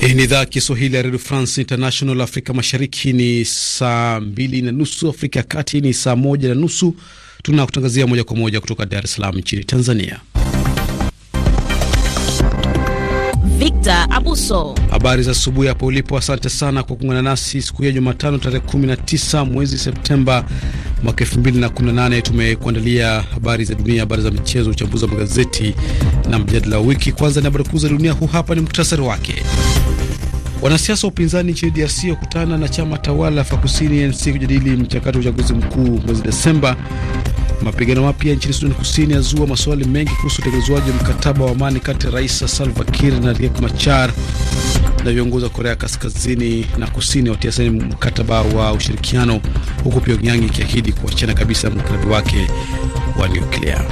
Hii ni idhaa Kiswahili ya redio France International. Afrika mashariki ni saa mbili na nusu, Afrika ya kati ni saa moja na nusu. Tunakutangazia moja kwa moja kutoka Dar es Salaam nchini Tanzania. Victor Abuso. Habari za asubuhi hapo ulipo, asante sana kwa kuungana nasi siku ya Jumatano tarehe 19 mwezi Septemba mwaka 2018. Tumekuandalia habari za dunia, habari za michezo, uchambuzi wa magazeti na mjadala wa wiki. Kwanza ni habari kuu za dunia, huu hapa ni muktasari wake. Wanasiasa wa upinzani nchini DRC wakutana na chama tawala Kusini NC kujadili mchakato wa uchaguzi mkuu mwezi Desemba. Mapigano mapya nchini Sudani Kusini yazua maswali mengi kuhusu utekelezwaji wa mkataba wa amani kati ya Rais Salva Kiir na Riek Machar. Na viongozi wa Korea Kaskazini na Kusini watia saini mkataba wa ushirikiano, huku Pyongyang ikiahidi kuachana kabisa mkataba wake wa nyuklia.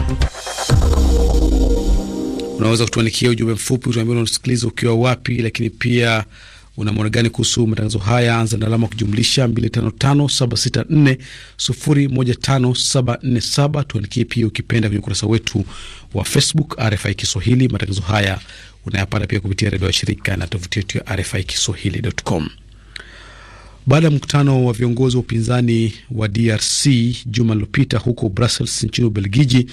Unaweza kutuandikia ujumbe mfupi, utuambia unasikiliza ukiwa wapi, lakini pia una maoni gani kuhusu matangazo haya? Anza na alama kujumlisha 255764015747. Tuandikie pia ukipenda kwenye ukurasa wetu wa Facebook RFI Kiswahili. Matangazo haya unayapata pia kupitia redio ya shirika na tovuti yetu ya RFI Kiswahili.com. Baada ya mkutano wa viongozi wa upinzani wa DRC juma lilopita huko Brussels nchini Ubelgiji,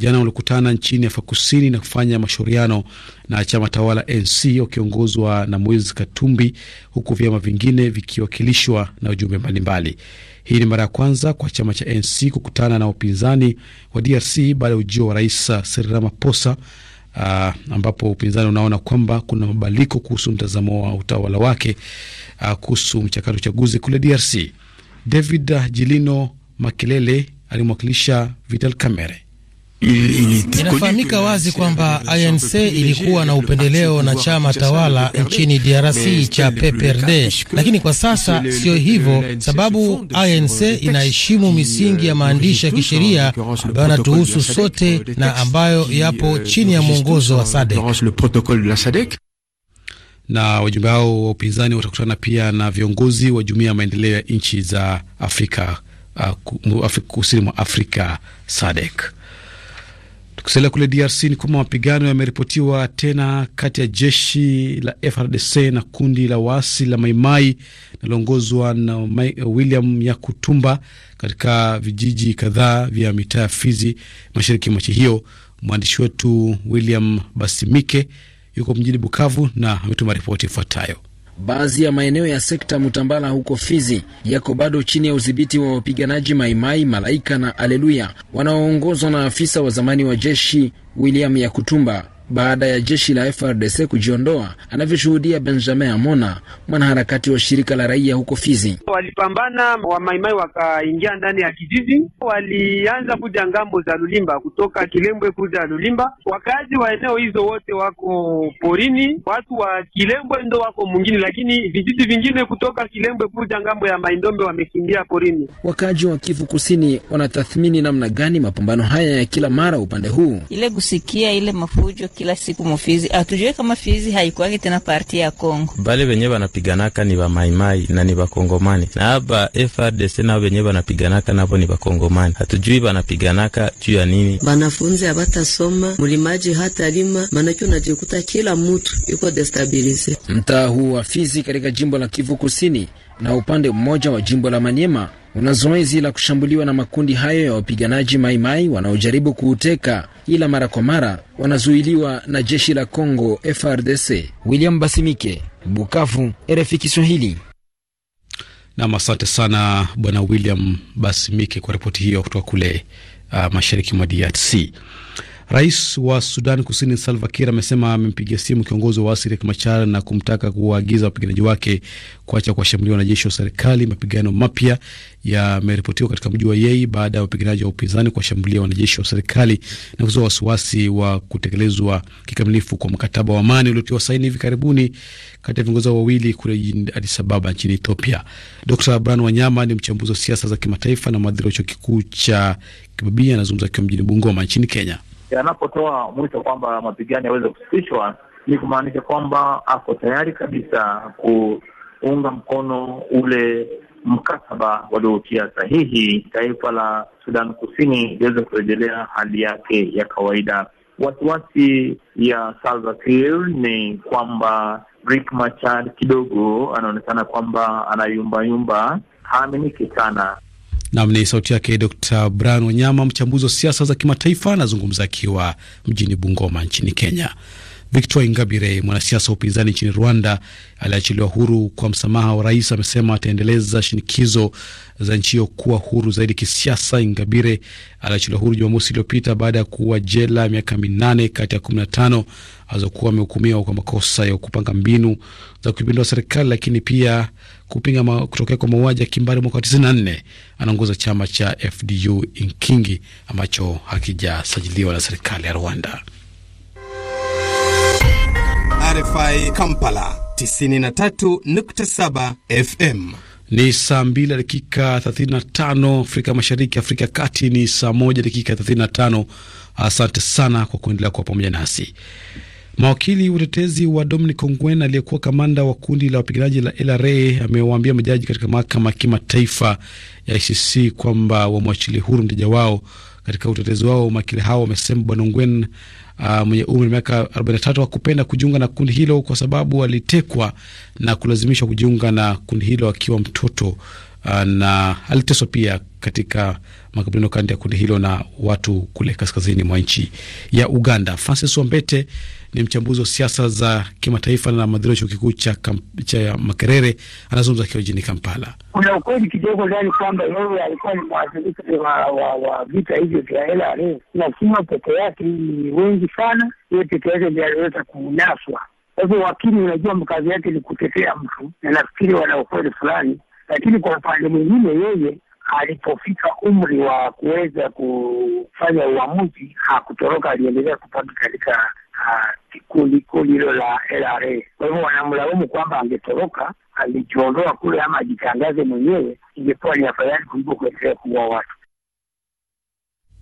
jana walikutana nchini Afrika Kusini na kufanya mashauriano na chama tawala NC wakiongozwa na Moise Katumbi, huku vyama vingine vikiwakilishwa na wajumbe mbalimbali. Hii ni mara ya kwanza kwa chama cha NC kukutana na upinzani wa DRC baada ya ujio wa Rais Cyril Ramaphosa. Uh, ambapo upinzani unaona kwamba kuna mabadiliko kuhusu mtazamo wa utawala wake uh, kuhusu mchakato wa uchaguzi kule DRC. David Jilino Makelele alimwakilisha Vital Kamerhe. Inafahamika wazi kwamba ANC ilikuwa na upendeleo na chama tawala nchini DRC cha PPRD, lakini kwa sasa siyo hivyo, sababu ANC inaheshimu misingi ya euh, maandishi ya kisheria ambayo yanatuhusu sote euh, na ambayo yapo euh, chini ya mwongozo wa SADC na wajumbe hao wa upinzani watakutana pia na viongozi wa jumuiya ya maendeleo ya nchi za Afrika uh, kusini mwa Afrika SADC. Tukisalia kule DRC ni kwamba mapigano yameripotiwa tena kati ya jeshi la FRDC na kundi la waasi la Maimai linaloongozwa na William Yakutumba katika vijiji kadhaa vya mitaa ya Fizi, mashariki mwa nchi hiyo. Mwandishi wetu William Basimike yuko mjini Bukavu na ametuma ripoti ifuatayo baadhi ya maeneo ya sekta Mutambala huko Fizi yako bado chini ya udhibiti wa wapiganaji Maimai, Malaika na Aleluya wanaoongozwa na afisa wa zamani wa jeshi William Yakutumba baada ya jeshi la FRDC kujiondoa, anavyoshuhudia Benjamin Amona, mwanaharakati wa shirika la raia huko Fizi. Walipambana wamaimai, wakaingia ndani ya kijiji, walianza kuja ngambo za Lulimba, kutoka Kilembwe kuja Lulimba. Wakazi wa eneo hizo wote wako porini, watu wa Kilembwe ndo wako mwingine, lakini vijiji vingine kutoka Kilembwe kuja ngambo ya Maindombe wamekimbia porini. Wakaaji wa Kivu Kusini wanatathmini namna gani mapambano haya ya kila mara upande huu, ile kusikia ile mafujo kila siku mufizi, atujue ah, kama Fizi haikuwake tena parti ya Kongo. Bale venye vanapiganaka ni vamaimai na ni vakongomani na aba FRDC nao venye vanapiganaka navo ni vakongomani, hatujui vanapiganaka juu ya nini. Banafunzi habatasoma mulimaji hata lima, manake unajikuta kila mutu yuko destabilize. Mtaa huu wa Fizi katika jimbo la Kivu Kusini na upande mmoja wa jimbo la Manyema una zoezi la kushambuliwa na makundi hayo ya wapiganaji maimai wanaojaribu kuuteka, ila mara kwa mara wanazuiliwa na jeshi la Congo FRDC. William Basimike, Bukavu, RFI Kiswahili. Nam, asante sana Bwana William Basimike kwa ripoti hiyo kutoka kule uh, mashariki mwa DRC. Rais wa Sudan Kusini Salva Kiir amesema amempigia simu kiongozi wa waasi Riek Machar na kumtaka kuwaagiza wapiganaji wake kuacha kuwashambulia wanajeshi wa serikali. Mapigano mapya yameripotiwa katika mji wa Yei baada ya wapiganaji wa upinzani kuwashambulia wanajeshi wa serikali na kuzua wasiwasi wa kutekelezwa kikamilifu kwa mkataba wa amani uliotiwa saini hivi karibuni kati ya viongozi wawili kule jijini Addis Ababa nchini Ethiopia. Dr Brian Wanyama ni mchambuzi wa siasa za kimataifa na mhadhiri wa chuo kikuu cha Kibabii, anazungumza akiwa mjini Bungoma nchini Kenya yanapotoa mwito kwamba mapigano yaweze kusitishwa, ni kumaanisha kwamba ako tayari kabisa kuunga mkono ule mkataba waliotia sahihi taifa la Sudan Kusini liweze kurejelea hali yake ya kawaida. Wasiwasi ya Salva Kiir ni kwamba Riek Machar kidogo anaonekana kwamba anayumbayumba, haaminiki sana. Nam ni sauti yake Dr Brian Wanyama, mchambuzi wa siasa za kimataifa, anazungumza akiwa mjini Bungoma nchini Kenya. Victor Ingabire, mwanasiasa wa upinzani nchini Rwanda aliachiliwa huru kwa msamaha wa rais, amesema ataendeleza shinikizo za nchi hiyo kuwa huru zaidi kisiasa. Ingabire aliachiliwa huru Jumamosi iliyopita baada ya kuwa jela miaka minane kati ya kumi na tano alizokuwa amehukumiwa kwa makosa ya kupanga mbinu za kuipindua serikali, lakini pia kupinga kutokea kwa mauaji ya kimbari mwaka 94. Anaongoza chama cha FDU Inkingi ambacho hakijasajiliwa na serikali ya Rwanda. RFI Kampala 93.7 FM. Ni saa mbili dakika 35 Afrika Mashariki, Afrika ya Kati ni saa moja dakika 35. Asante sana kwa kuendelea kuwa pamoja nasi. Mawakili utetezi wa Dominic Ongwen aliyekuwa kamanda wa kundi la wapiganaji la LRA amewaambia majaji katika mahakama ya kimataifa ya ICC kwamba wamwachili huru mteja wao. Katika utetezi wao, mawakili hao wamesema Bwana Ongwen uh, mwenye umri miaka 43 hakupenda kujiunga na kundi hilo kwa sababu alitekwa na kulazimishwa kujiunga na kundi hilo akiwa mtoto uh, na aliteswa pia katika makabiliano kati ya kundi hilo na watu kule kaskazini mwa nchi ya Uganda. Francis Wambete ni mchambuzi wa siasa za kimataifa na madhiri chuo kikuu cha, cha Makerere. Anazungumza akiwa jijini Kampala. Kuna ukweli kidogo ndani kwamba yeye alikuwa ni mwathirika wa, wa, wa vita hivyo vya hela na sio peke yake, ni wengi sana. Yeye peke yake ndiye aliweza kunaswa. Kwa hivyo, wakili, unajua mkazi yake ni kutetea mtu, na nafikiri wana ukweli fulani, lakini kwa upande mwingine yeye alipofika umri wa kuweza kufanya uamuzi hakutoroka, aliendelea kubaki katika ah, kuliko hilo la LRA. Kwa hivyo wanamlaumu kwamba angetoroka, alijiondoa kule ama ajitangaze mwenyewe, ingekuwa ni afadhali kuliko kuendelea kuua watu.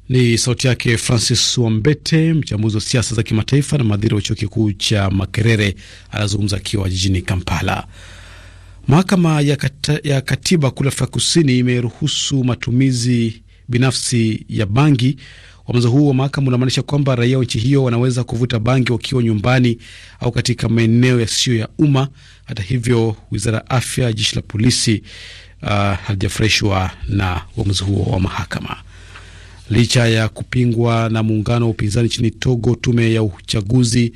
Ni sauti yake Francis Wambete, mchambuzi wa siasa za kimataifa na mhadhiri wa chuo kikuu cha Makerere, anazungumza akiwa jijini Kampala. Mahakama ya, ya katiba kule Afrika Kusini imeruhusu matumizi binafsi ya bangi Uamuzi huu wa mahakama unamaanisha kwamba raia wa nchi hiyo wanaweza kuvuta bangi wakiwa nyumbani au katika maeneo yasiyo ya, ya umma. Hata hivyo, wizara ya afya, jeshi la polisi uh, halijafurahishwa na uamuzi huo wa mahakama. Licha ya kupingwa na muungano wa upinzani nchini Togo, tume ya uchaguzi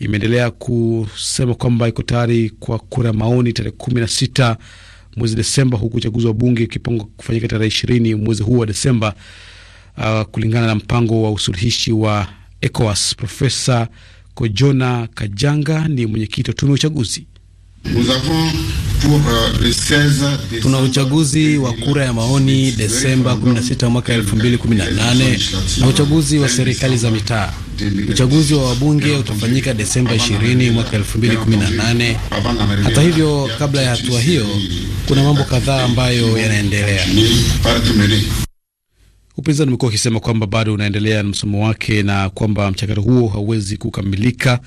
imeendelea kusema kwamba iko tayari kwa kura maoni tarehe kumi na sita mwezi Desemba, huku uchaguzi wa bunge ukipangwa kufanyika tarehe ishirini mwezi huu wa Desemba uh, kulingana na mpango wa usuluhishi wa ECOWAS. Profesa Kojona Kajanga ni mwenyekiti wa tume ya uchaguzi. Tuna uchaguzi wa kura ya maoni Desemba 16 mwaka 2018 na uchaguzi wa serikali za mitaa. Uchaguzi wa wabunge utafanyika Desemba 20 mwaka 2018. Hata hivyo, kabla ya hatua hiyo, kuna mambo kadhaa ambayo yanaendelea. Upinzani umekuwa ukisema kwamba bado unaendelea na msomo wake na kwamba mchakato huo hauwezi kukamilika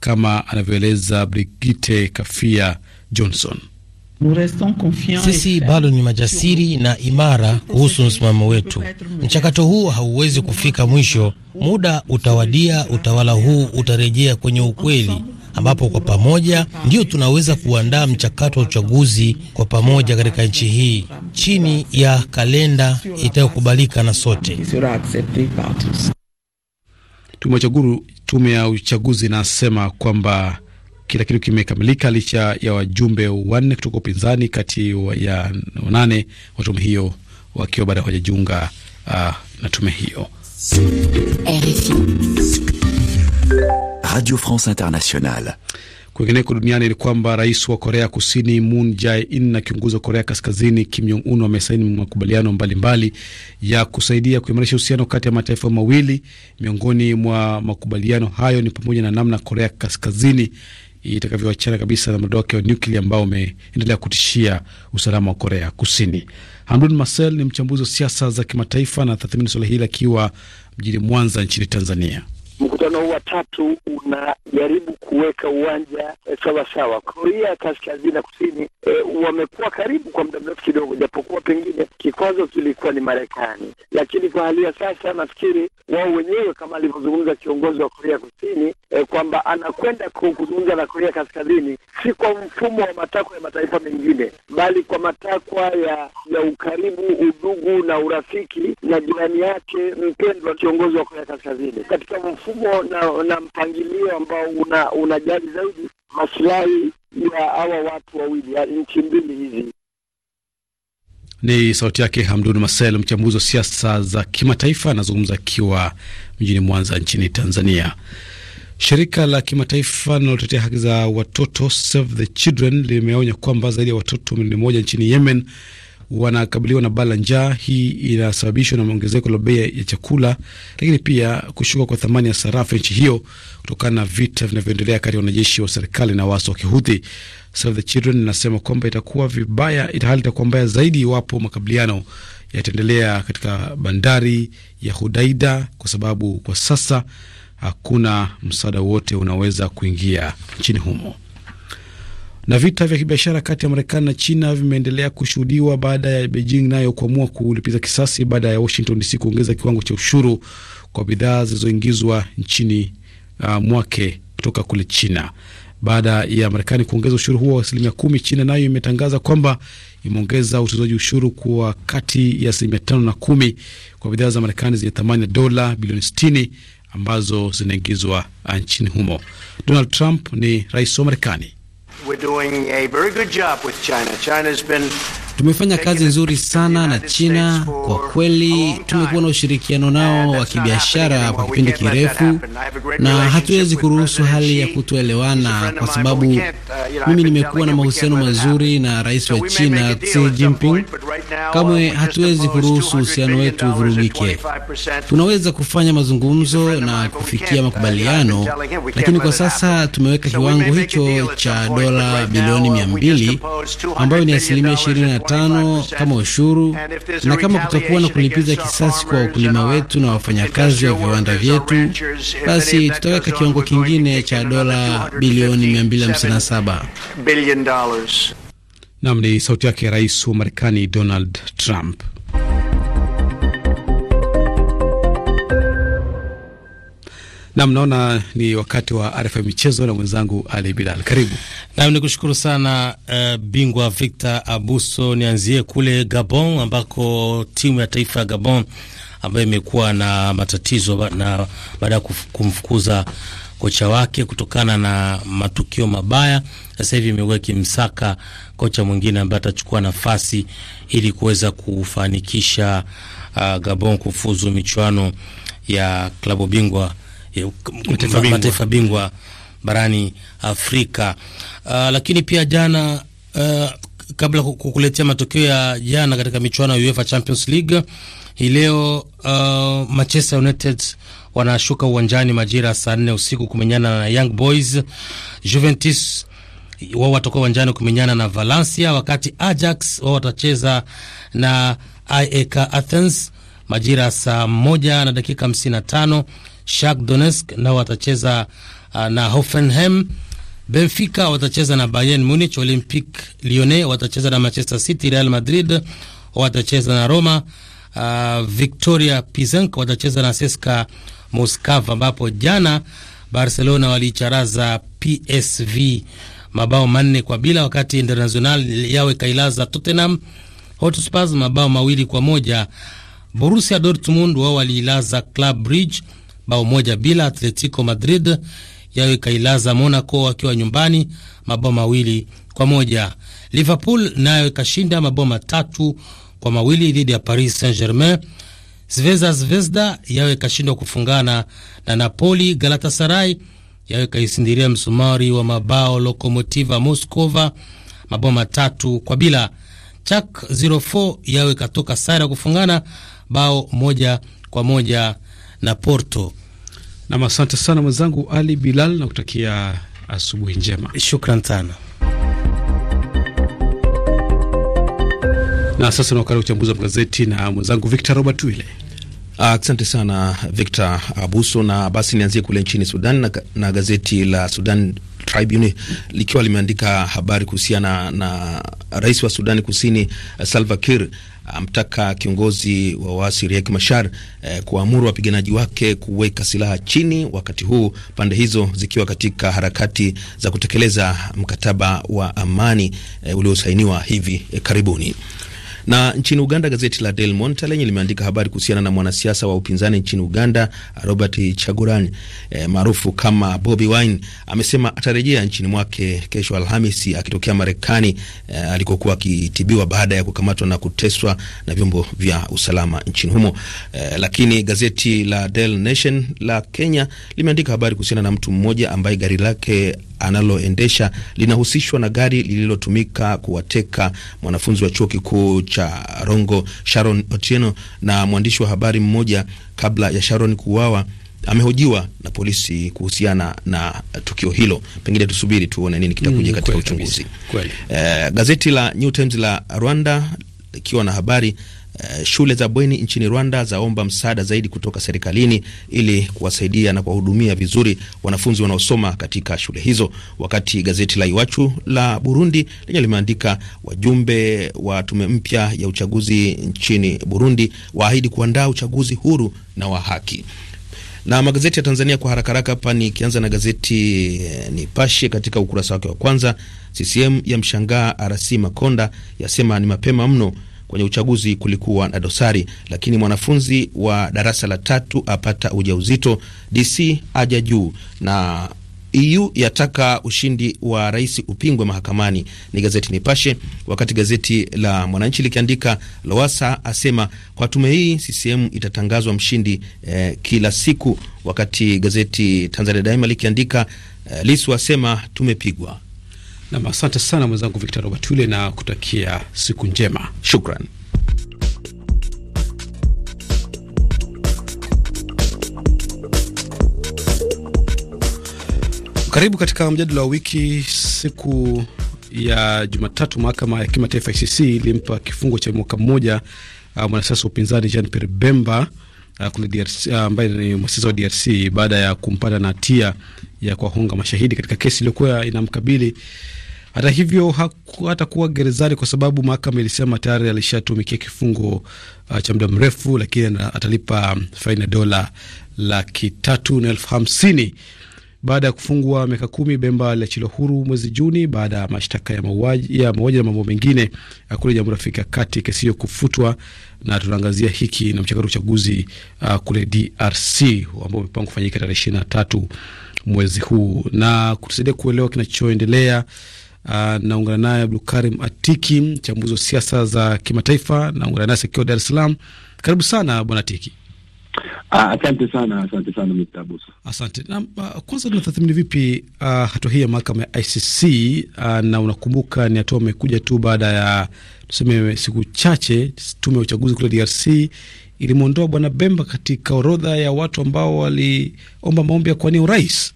kama anavyoeleza Brigite Kafia Johnson. Sisi bado ni majasiri na imara kuhusu msimamo wetu. Mchakato huu hauwezi kufika mwisho. Muda utawadia, utawala huu utarejea kwenye ukweli ambapo kwa pamoja ndio tunaweza kuandaa mchakato wa uchaguzi kwa pamoja katika nchi hii chini ya kalenda itayokubalika na sote. Tume ya uchaguzi inasema kwamba kila kitu kimekamilika licha ya wajumbe wanne kutoka upinzani kati ya wanane wa tume hiyo wakiwa bado hawajajiunga uh, na tume hiyo. Radio France Internationale. Kwingineko duniani ni kwamba rais wa Korea Kusini Moon Jae-in na kiongozi wa Korea Kaskazini Kim Jong Un wamesaini makubaliano mbalimbali ya kusaidia kuimarisha uhusiano kati ya mataifa mawili. Miongoni mwa makubaliano hayo ni pamoja na namna Korea Kaskazini itakavyoachana kabisa na mradi wake wa nyuklia ambao umeendelea kutishia usalama wa Korea Kusini. Hamdun Marcel ni mchambuzi wa siasa za kimataifa na tathmini swala hili akiwa mjini Mwanza nchini Tanzania mkutano huu wa tatu unajaribu kuweka uwanja e, eh, sawasawa. Korea Kaskazini na Kusini e, wamekuwa karibu kwa muda mrefu kidogo, japokuwa pengine kikwazo kilikuwa ni Marekani, lakini kwa hali ya sasa nafikiri wao wenyewe kama alivyozungumza kiongozi wa Korea Kusini e, kwamba anakwenda kuzungumza na Korea Kaskazini si kwa mfumo wa matakwa ya mataifa mengine, bali kwa matakwa ya, ya ukaribu, udugu na urafiki na jirani yake mpendwa, kiongozi wa Korea Kaskazini katika mfumo mfumo na, na mpangilio ambao una unajali zaidi masilahi ya hawa watu wawili, nchi mbili hizi. Ni sauti yake Hamdun Masel, mchambuzi wa siasa za kimataifa, anazungumza akiwa mjini Mwanza nchini Tanzania. Shirika la kimataifa linalotetea haki za watoto Save the Children limeonya kwamba zaidi ya watoto milioni moja nchini Yemen wanakabiliwa na bala njaa. Hii inasababishwa na ongezeko la bei ya chakula, lakini pia kushuka kwa thamani ya sarafu nchi hiyo kutokana na vita vinavyoendelea kati ya wanajeshi wa serikali na waasi wa Kihuthi. Save the Children inasema kwamba itakuwa vibaya, hali itakuwa mbaya zaidi iwapo makabiliano yataendelea katika bandari ya Hudaida, kwa sababu kwa sasa hakuna msaada wote unaweza kuingia nchini humo. Na vita vya kibiashara kati ya Marekani na China vimeendelea kushuhudiwa baada ya Beijing nayo kuamua kulipiza kisasi baada ya Washington DC kuongeza kiwango cha ushuru kwa bidhaa zilizoingizwa nchini uh, mwake kutoka kule China. Baada ya Marekani kuongeza ushuru huo wa asilimia kumi, China nayo imetangaza kwamba imeongeza utozaji ushuru kwa kati ya asilimia tano na kumi kwa bidhaa za Marekani zenye thamani ya dola bilioni sitini ambazo zinaingizwa uh, nchini humo. Donald Trump ni rais wa Marekani we're doing a very good job with China. China's been Tumefanya kazi nzuri sana na China, kwa kweli tumekuwa na ushirikiano nao wa kibiashara kwa kipindi kirefu, na hatuwezi kuruhusu hali ya kutoelewana, kwa sababu uh, mimi nimekuwa na mahusiano mazuri na rais wa China Xi Jinping. Kamwe uh, hatuwezi kuruhusu uhusiano wetu uvurugike. Tunaweza kufanya mazungumzo na kufikia uh, makubaliano, lakini kwa sasa tumeweka kiwango hicho cha dola bilioni mia mbili ambayo ni asilimia ishirini tano kama ushuru, na kama kutakuwa na kulipiza kisasi kwa wakulima wetu na wafanyakazi wa viwanda vyetu, basi tutaweka kiwango kingine cha dola bilioni 257. Nam ni sauti yake Rais wa Marekani Donald Trump. Nam, naona ni wakati wa RFI michezo na mwenzangu Ali Bilal, karibu nam. Ni kushukuru sana uh, bingwa Victor Abuso. Nianzie kule Gabon ambako timu ya taifa ya Gabon ambayo imekuwa na matatizo na baada ya kumfukuza kocha wake kutokana na matukio mabaya, sasa hivi imekuwa ikimsaka kocha mwingine ambaye atachukua nafasi ili kuweza kufanikisha uh, Gabon kufuzu michuano ya klabu bingwa mataifa bingwa, bingwa barani Afrika. Uh, lakini pia jana uh, kabla kukuletea matokeo ya jana katika michuano ya UEFA Champions League hii leo uh, Manchester United wanashuka uwanjani majira saa nne usiku kumenyana na Young Boys. Juventus wao watakuwa uwanjani kumenyana na Valencia, wakati Ajax wao watacheza na AEK Athens majira saa moja na dakika hamsini na tano Shak Donetsk nao watacheza uh, na Hoffenheim. Benfica watacheza na Bayern Munich. Olympic Lyonnais watacheza na Manchester City. Real Madrid watacheza na Roma. Uh, Victoria Pizenk watacheza na CSKA Moscow, ambapo jana Barcelona waliicharaza PSV mabao manne kwa bila, wakati International yawe kailaza Tottenham Hotspur mabao mawili kwa moja. Borussia Dortmund wao waliilaza Club Bridge bao moja bila. Atletico Madrid yao ikailaza Monaco wakiwa nyumbani mabao mawili kwa moja. Liverpool nayo ikashinda mabao matatu kwa mawili dhidi ya Paris Saint Germain. Zvezda Zvezda yao ikashindwa kufungana na Napoli. Galatasaray yao ikaisindiria msumari wa mabao Lokomotiva Moskova mabao matatu kwa bila. Chak 04 yao ikatoka sare kufungana bao moja kwa moja na Porto. Nam, asante sana mwenzangu Ali Bilal na kutakia asubuhi njema. Shukran sana. Na sasa na uchambuzi wa magazeti na mwenzangu Victor Robert Wile. Asante sana Victor Abuso, na basi nianzie kule nchini Sudan na, na gazeti la Sudan Tribune likiwa limeandika habari kuhusiana na rais wa Sudani Kusini eh, Salva Kiir amtaka kiongozi wa waasi Riek Machar eh, kuamuru wapiganaji wake kuweka silaha chini, wakati huu pande hizo zikiwa katika harakati za kutekeleza mkataba wa amani eh, uliosainiwa hivi eh, karibuni. Na nchini Uganda, gazeti la Daily Monitor lenye limeandika habari kuhusiana na mwanasiasa wa upinzani nchini Uganda Robert Chaguran eh, maarufu kama Bobi Wine amesema atarejea nchini mwake kesho Alhamisi akitokea Marekani eh, alikokuwa akitibiwa baada ya kukamatwa na kuteswa na vyombo vya usalama nchini humo. Eh, lakini gazeti la Daily Nation la Kenya limeandika habari kuhusiana na mtu mmoja ambaye gari lake analoendesha linahusishwa na gari lililotumika kuwateka mwanafunzi wa chuo kikuu cha Rongo Sharon Otieno na mwandishi wa habari mmoja kabla ya Sharon kuuawa amehojiwa na polisi kuhusiana na tukio hilo. Pengine tusubiri tuone nini kitakuja mm, katika uchunguzi. Eh, gazeti la New Times la Rwanda ikiwa na habari Eh, shule za bweni nchini Rwanda zaomba msaada zaidi kutoka serikalini ili kuwasaidia na kuwahudumia vizuri wanafunzi wanaosoma katika shule hizo. Wakati gazeti la Iwachu la Burundi lenye limeandika wajumbe wa tume mpya ya uchaguzi nchini Burundi waahidi kuandaa uchaguzi huru na wa haki na magazeti ya Tanzania kwa haraka haraka hapa, nikianza na gazeti eh, Nipashe katika ukurasa wake wa kwanza, CCM ya mshangaa RC Makonda yasema ni mapema mno kwenye uchaguzi kulikuwa na dosari, lakini mwanafunzi wa darasa la tatu apata ujauzito. DC aja juu na EU yataka ushindi wa rais upingwe mahakamani. Ni gazeti Nipashe, wakati gazeti la Mwananchi likiandika Lowasa asema kwa tume hii CCM itatangazwa mshindi eh, kila siku, wakati gazeti Tanzania Daima likiandika eh, Lisu asema tumepigwa Nam, asante sana mwenzangu Victor Robert ule na kutakia siku njema, shukran. Karibu katika mjadala wa wiki. Siku ya Jumatatu, mahakama ya kimataifa ICC ilimpa kifungo cha mwaka mmoja uh, mwanasiasa wa upinzani Jean Pierre Bemba uh, kule DRC uh, ambaye uh, ni mwasisi wa DRC baada ya kumpata na hatia ya kuwahonga mashahidi katika kesi iliyokuwa inamkabili hata hivyo hatakuwa gerezani kwa sababu mahakama ilisema tayari alishatumikia kifungo uh, cha muda mrefu, lakini atalipa um, faini ya dola laki tatu na elfu hamsini. Baada ya kufungwa miaka kumi, Bemba aliachiliwa huru mwezi Juni baada ya mashtaka ya mauaji ya mauaji na mambo mengine kule Jamhuri ya Afrika Kati, kesi hiyo kufutwa. Na tunaangazia hiki na mchakato wa uchaguzi uh, kule DRC ambao umepangwa kufanyika tarehe ishirini na tatu mwezi huu, na kutusaidia kuelewa kinachoendelea Uh, naungana naye Abdulkarim Atiki, mchambuzi wa siasa za kimataifa, naungana naye akiwa Dar es Salaam. Karibu sana bwana Atiki. Ah, asante sana, asante sana Mtabusa. Asante na uh, kwanza tunatathmini vipi uh, hatua hii ya mahakama ya ICC uh, na unakumbuka ni hatua amekuja tu baada ya tuseme siku chache tume ya uchaguzi kule DRC ilimwondoa bwana Bemba katika orodha ya watu ambao waliomba maombi ya kuwania urais.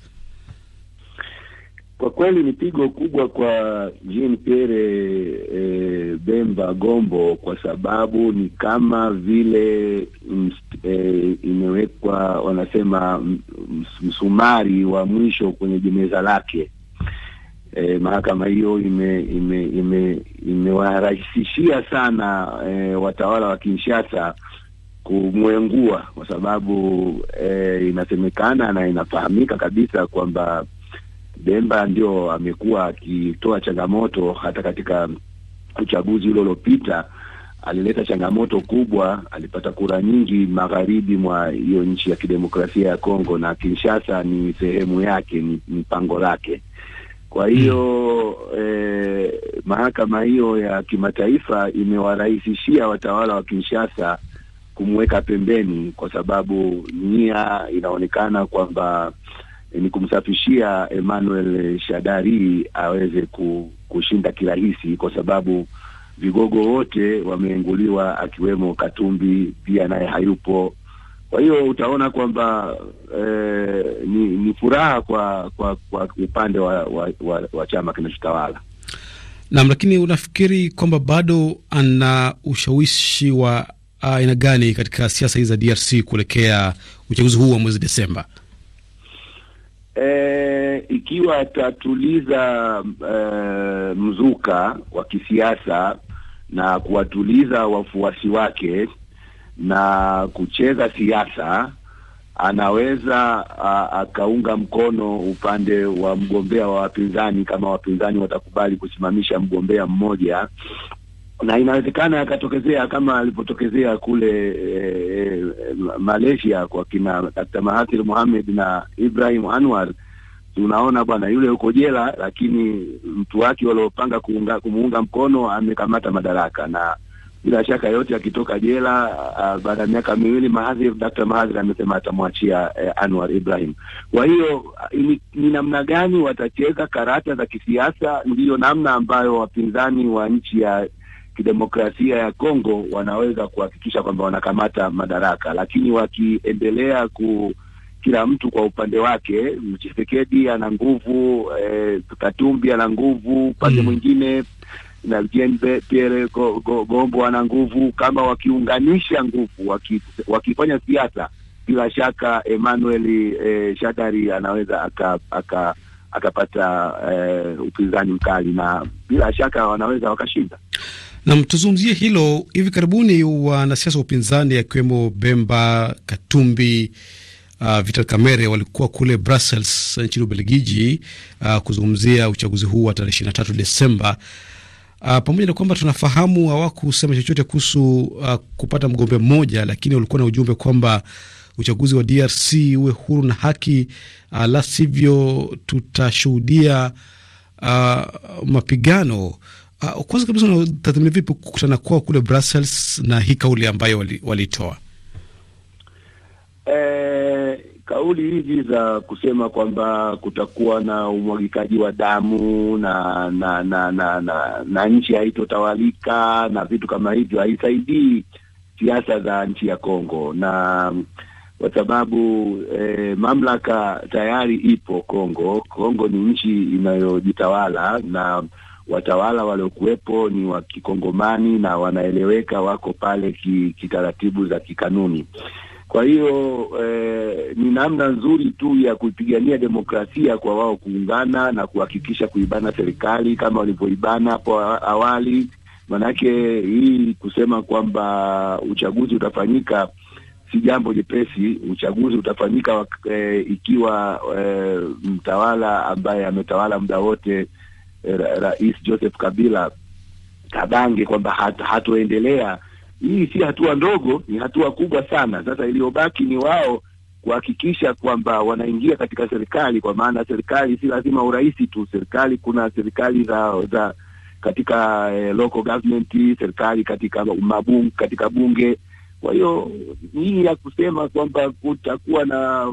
Kwa kweli ni pigo kubwa kwa Jean Pierre e, Bemba Gombo kwa sababu ni kama vile e, imewekwa wanasema msumari wa mwisho kwenye jeneza lake. E, mahakama hiyo imewarahisishia ime, ime, ime sana e, watawala wa Kinshasa kumwengua kwa sababu e, inasemekana na inafahamika kabisa kwamba Bemba ndio amekuwa akitoa changamoto hata katika uchaguzi ule uliopita alileta changamoto kubwa, alipata kura nyingi magharibi mwa hiyo nchi ya kidemokrasia ya Kongo, na Kinshasa ni sehemu yake, ni, mpango lake. Kwa hiyo eh, mahakama hiyo ya kimataifa imewarahisishia watawala wa Kinshasa kumweka pembeni, kwa sababu nia inaonekana kwamba Eh, ni kumsafishia Emmanuel Shadari aweze kushinda kirahisi, kwa sababu vigogo wote wameenguliwa, akiwemo Katumbi pia naye hayupo. Kwa hiyo utaona kwamba e, ni, ni furaha kwa, kwa, kwa upande wa, wa, wa, wa chama kinachotawala nam. Lakini unafikiri kwamba bado ana ushawishi wa aina gani katika siasa hizi za DRC kuelekea uchaguzi huu wa mwezi Desemba? E, ikiwa atatuliza e, mzuka wa kisiasa na kuwatuliza wafuasi wake na kucheza siasa, anaweza a, akaunga mkono upande wa mgombea wa wapinzani kama wapinzani watakubali kusimamisha mgombea mmoja na inawezekana akatokezea kama alivyotokezea kule e, Malaysia kwa kina Dr. Mahathir Mohamed na Ibrahim Anwar. Tunaona bwana yule uko jela, lakini mtu wake waliopanga kumuunga mkono amekamata madaraka, na bila shaka yote akitoka jela ah, baada ya miaka miwili, Mahathir, Dr. Mahathir amesema atamwachia e, Anwar Ibrahim. Kwa hiyo ni, ah, ni namna gani watacheza karata za kisiasa, ndiyo namna ambayo wapinzani wa nchi ya kidemokrasia ya Kongo wanaweza kuhakikisha kwamba wanakamata madaraka, lakini wakiendelea ku kila mtu kwa upande wake, Mchisekedi ana nguvu eh, Katumbi ana nguvu upande mm. mwingine na Jean Pierre go, go, Gombo ana nguvu. Kama wakiunganisha nguvu, waki, wakifanya siasa, bila shaka Emmanuel eh, Shadari anaweza aka, aka akapata eh, upinzani mkali na bila shaka wanaweza wakashinda. Nam, tuzungumzie hilo. Hivi karibuni wanasiasa wa upinzani akiwemo Bemba Katumbi, uh, Vital Kamerhe walikuwa kule Brussels uh, nchini Ubelgiji, uh, kuzungumzia uchaguzi huu wa tarehe 23 Desemba. Uh, pamoja na kwamba tunafahamu hawakusema chochote kuhusu uh, kupata mgombea mmoja, lakini walikuwa na ujumbe kwamba uchaguzi wa DRC uwe huru na haki, uh, la sivyo tutashuhudia uh, mapigano Uh, kwanza kabisa unatathmini vipi kukutana kwao kule Brussels na hii kauli ambayo walitoa? E, eh, kauli hizi za kusema kwamba kutakuwa na umwagikaji wa damu na na na na, na, na nchi haitotawalika na vitu kama hivyo haisaidii siasa za nchi ya Kongo na kwa sababu eh, mamlaka tayari ipo Kongo. Kongo ni nchi inayojitawala na watawala waliokuwepo ni wa kikongomani na wanaeleweka, wako pale kitaratibu ki za kikanuni. Kwa hiyo eh, ni namna nzuri tu ya kuipigania demokrasia kwa wao kuungana na kuhakikisha kuibana serikali kama walivyoibana hapo awali. Manake hii kusema kwamba uchaguzi utafanyika si jambo jepesi. Uchaguzi utafanyika eh, ikiwa eh, mtawala ambaye ametawala muda wote ra, Rais Joseph Kabila kabange kwamba hat, hatuendelea. Hii si hatua ndogo, ni hatua kubwa sana. Sasa iliyobaki ni wao kuhakikisha kwamba wanaingia katika serikali, kwa maana serikali si lazima urais tu. Serikali kuna serikali za za katika eh, local government, serikali katika mabunge, katika bunge. Kwa hiyo hii ya kusema kwamba kutakuwa na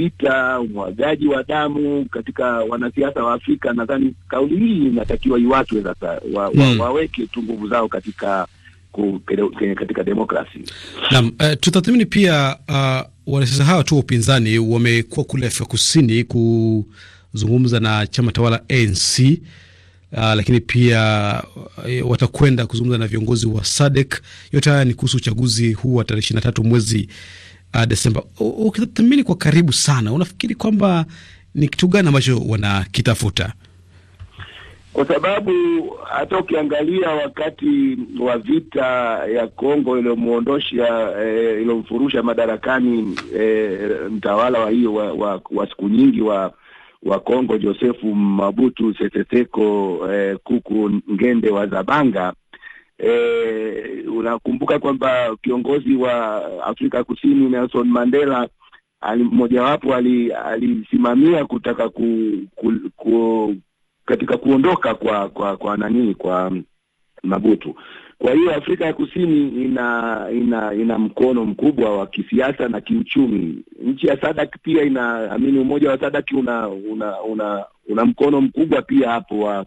vita, umwagaji wa damu katika wanasiasa wa Afrika. Nadhani kauli hii inatakiwa iwatwe sasa, wa, wa, mm. waweke tu nguvu zao katika katika demokrasi. Naam, uh, tutathmini pia uh, wanasiasa hawa tu wa upinzani wamekuwa kule Afrika Kusini kuzungumza na chama tawala ANC. Uh, lakini pia uh, watakwenda kuzungumza na viongozi wa SADC. Yote haya ni kuhusu uchaguzi huu wa tarehe tatu mwezi uh, Desemba. Ukitathmini kwa karibu sana, unafikiri kwamba ni kitu gani ambacho wanakitafuta? Kwa sababu hata ukiangalia wakati wa vita ya Kongo iliyomwondosha eh, iliyomfurusha madarakani eh, mtawala wa hiyo wa, wa, wa siku nyingi wa wa Kongo Josefu Mabutu Sese Seko eh, Kuku Ngende wa Zabanga E, unakumbuka kwamba kiongozi wa Afrika Kusini Nelson Mandela mmojawapo ali, alisimamia kutaka ku, ku, ku, katika kuondoka kwa kwa kwa nani kwa Mabutu. Kwa hiyo Afrika ya Kusini ina ina ina mkono mkubwa wa kisiasa na kiuchumi. Nchi ya Sadak pia ina amini, umoja wa Sadak una una una, una mkono mkubwa pia hapo wa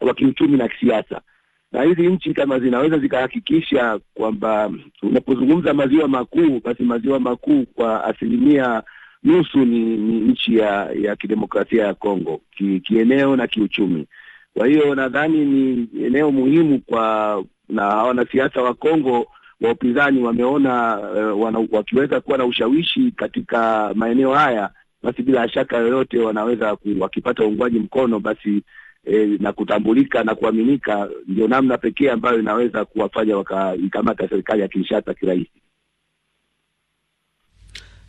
wa kiuchumi na kisiasa na hizi nchi kama zinaweza zikahakikisha kwamba unapozungumza maziwa makuu, basi maziwa makuu kwa asilimia nusu ni, ni nchi ya ya kidemokrasia ya Kongo ki, kieneo na kiuchumi. Kwa hiyo nadhani ni eneo muhimu kwa na wanasiasa wa Kongo wa upinzani wameona uh, wana, wakiweza kuwa na ushawishi katika maeneo haya basi bila shaka yoyote wanaweza ku, wakipata uungwaji mkono basi e, na kutambulika na kuaminika, ndio namna pekee ambayo inaweza kuwafanya wakaikamata serikali ya Kinshasa kirahisi.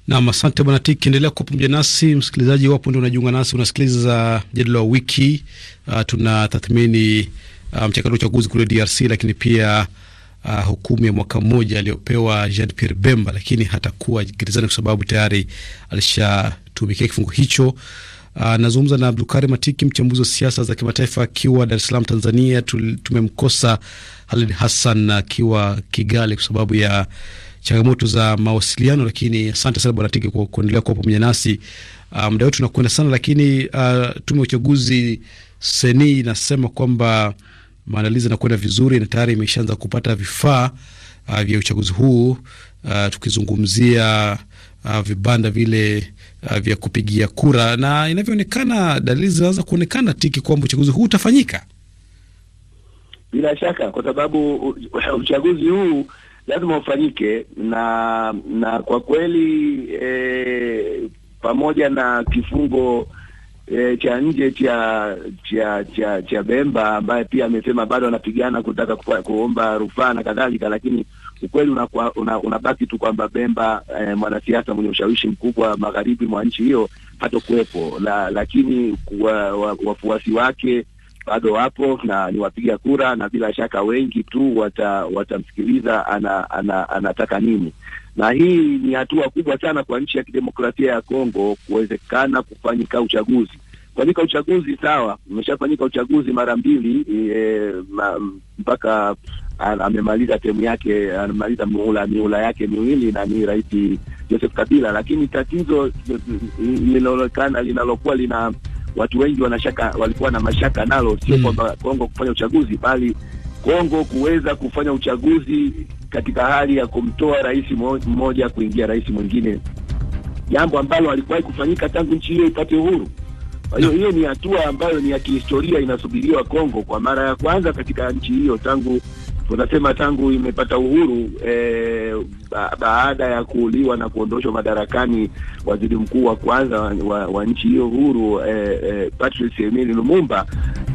Nam, asante bwana Tiki, endelea kuwa pamoja nasi. Msikilizaji wapo ndio unajiunga nasi, unasikiliza mjadala wa wiki. Uh, ah, tuna tathmini uh, ah, mchakato wa uchaguzi kule DRC, lakini pia uh, hukumu ya mwaka mmoja aliyopewa Jean Pierre Bemba, lakini hatakuwa gerezani kwa sababu tayari alishatumikia kifungo hicho. Anazungumza ah, na Abdulkari Matiki, mchambuzi wa siasa za kimataifa akiwa Dar es Salaam, Tanzania. Tumemkosa Halid Hassan akiwa Kigali kwa sababu ya changamoto za mawasiliano, lakini asante sana Bwana Tiki kwa kuendelea kuwa pamoja nasi. Uh, muda wetu unakwenda sana, lakini uh, tume ya uchaguzi seni inasema kwamba maandalizi yanakwenda vizuri na tayari imeshaanza kupata vifaa uh, vya uchaguzi huu uh, tukizungumzia uh, vibanda vile uh, vya kupigia kura, na inavyoonekana dalili zinaanza kuonekana tiki kwamba uchaguzi huu utafanyika bila shaka, kwa sababu uchaguzi huu lazima ufanyike na na kwa kweli e, pamoja na kifungo e, cha nje cha cha cha cha Bemba ambaye pia amesema bado anapigana kutaka kuomba rufaa na kadhalika, lakini si kweli unabaki una, una tu kwamba Bemba eh, mwanasiasa mwenye ushawishi mkubwa magharibi mwa nchi hiyo hatokuwepo la, lakini kuwa, wa, wafuasi wake bado wapo na ni wapiga kura, na bila shaka wengi tu wata, watamsikiliza ana, ana, anataka nini. Na hii ni hatua kubwa sana kwa nchi ya kidemokrasia ya Kongo kuwezekana kufanyika uchaguzi kufanyika uchaguzi sawa, umeshafanyika uchaguzi mara mbili eh, mpaka amemaliza temu yake, amemaliza mihula mihula yake miwili na ni Rais Joseph Kabila, lakini tatizo linaonekana linalokuwa lina watu wengi wanashaka, walikuwa na mashaka nalo sio mm, kwamba Kongo kufanya uchaguzi bali Kongo kuweza kufanya uchaguzi katika hali ya kumtoa rais mmoja kuingia rais mwingine, jambo ambalo alikuwahi kufanyika tangu nchi hiyo ipate uhuru. Kwa hiyo hiyo ni hatua ambayo ni ya kihistoria inasubiriwa Kongo kwa mara ya kwanza katika nchi hiyo tangu unasema tangu imepata uhuru e, ba, baada ya kuuliwa na kuondoshwa madarakani waziri mkuu wa kwanza wa, wa, nchi hiyo huru e, e, Patrice Emery Lumumba,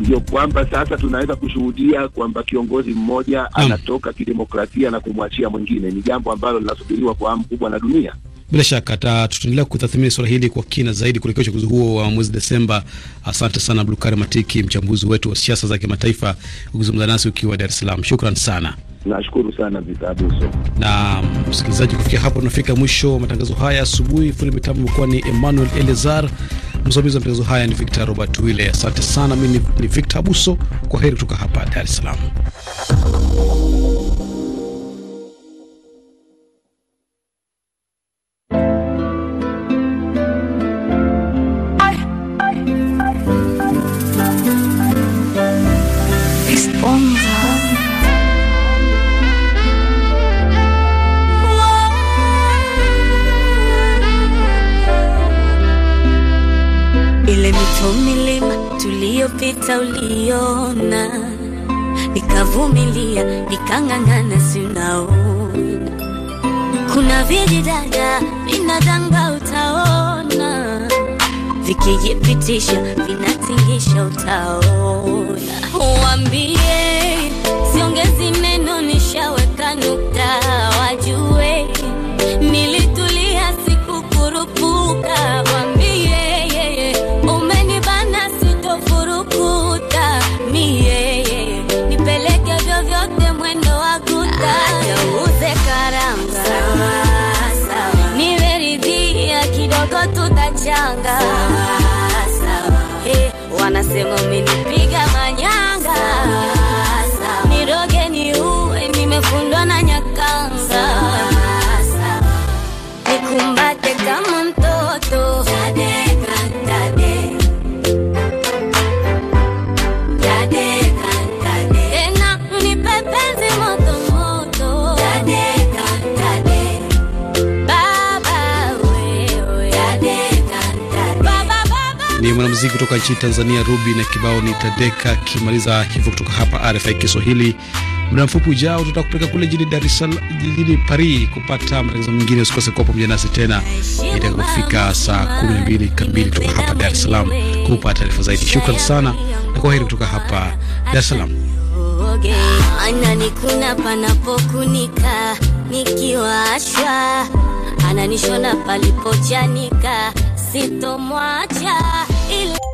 ndio kwamba sasa tunaweza kushuhudia kwamba kiongozi mmoja hmm. anatoka kidemokrasia na kumwachia mwingine. Ni jambo ambalo linasubiriwa kwa hamu kubwa na dunia. Bila shaka tutaendelea kutathmini suala hili kwa kina zaidi kuelekea uchaguzi huo wa mwezi Desemba. Asante sana Abdulkarim Matiki, mchambuzi wetu wa siasa za kimataifa, ukizungumza nasi ukiwa Dar es Salaam. Shukran sana. Nashukuru sana Vitabuso. Na msikilizaji, kufikia hapo tunafika mwisho wa matangazo haya asubuhi. Fundi mitambo imekuwa ni Emmanuel Elezar, msimamizi wa matangazo haya ni Victor Robert Wile. Asante sana. Mimi ni Victor Abuso, kwa heri kutoka hapa Dar es Salaam. uliona, nikavumilia, nikang'ang'ana, si unaona Kuna vijidada vinadanga utaona vikijipitisha, vinatingisha, utaona. Uambie wanasema umenipa muziki kutoka nchini Tanzania, Ruby na kibao ni Tadeka. Kimaliza hivyo kutoka hapa RFI Kiswahili, muda mfupi ujao tutakupeleka kule jijini Dar es Salaam, jijini Paris kupata matangazo mengine. Usikose kuwa pamoja nasi tena itakapofika saa 12 kamili kutoka hapa Dar es Salaam kupata taarifa zaidi. Shukran sana na kwa kwaheri kutoka hapa Dar es Salaam. Ananikuna panapokunika nikiwashwa, ananishona palipochanika, sitomwacha. il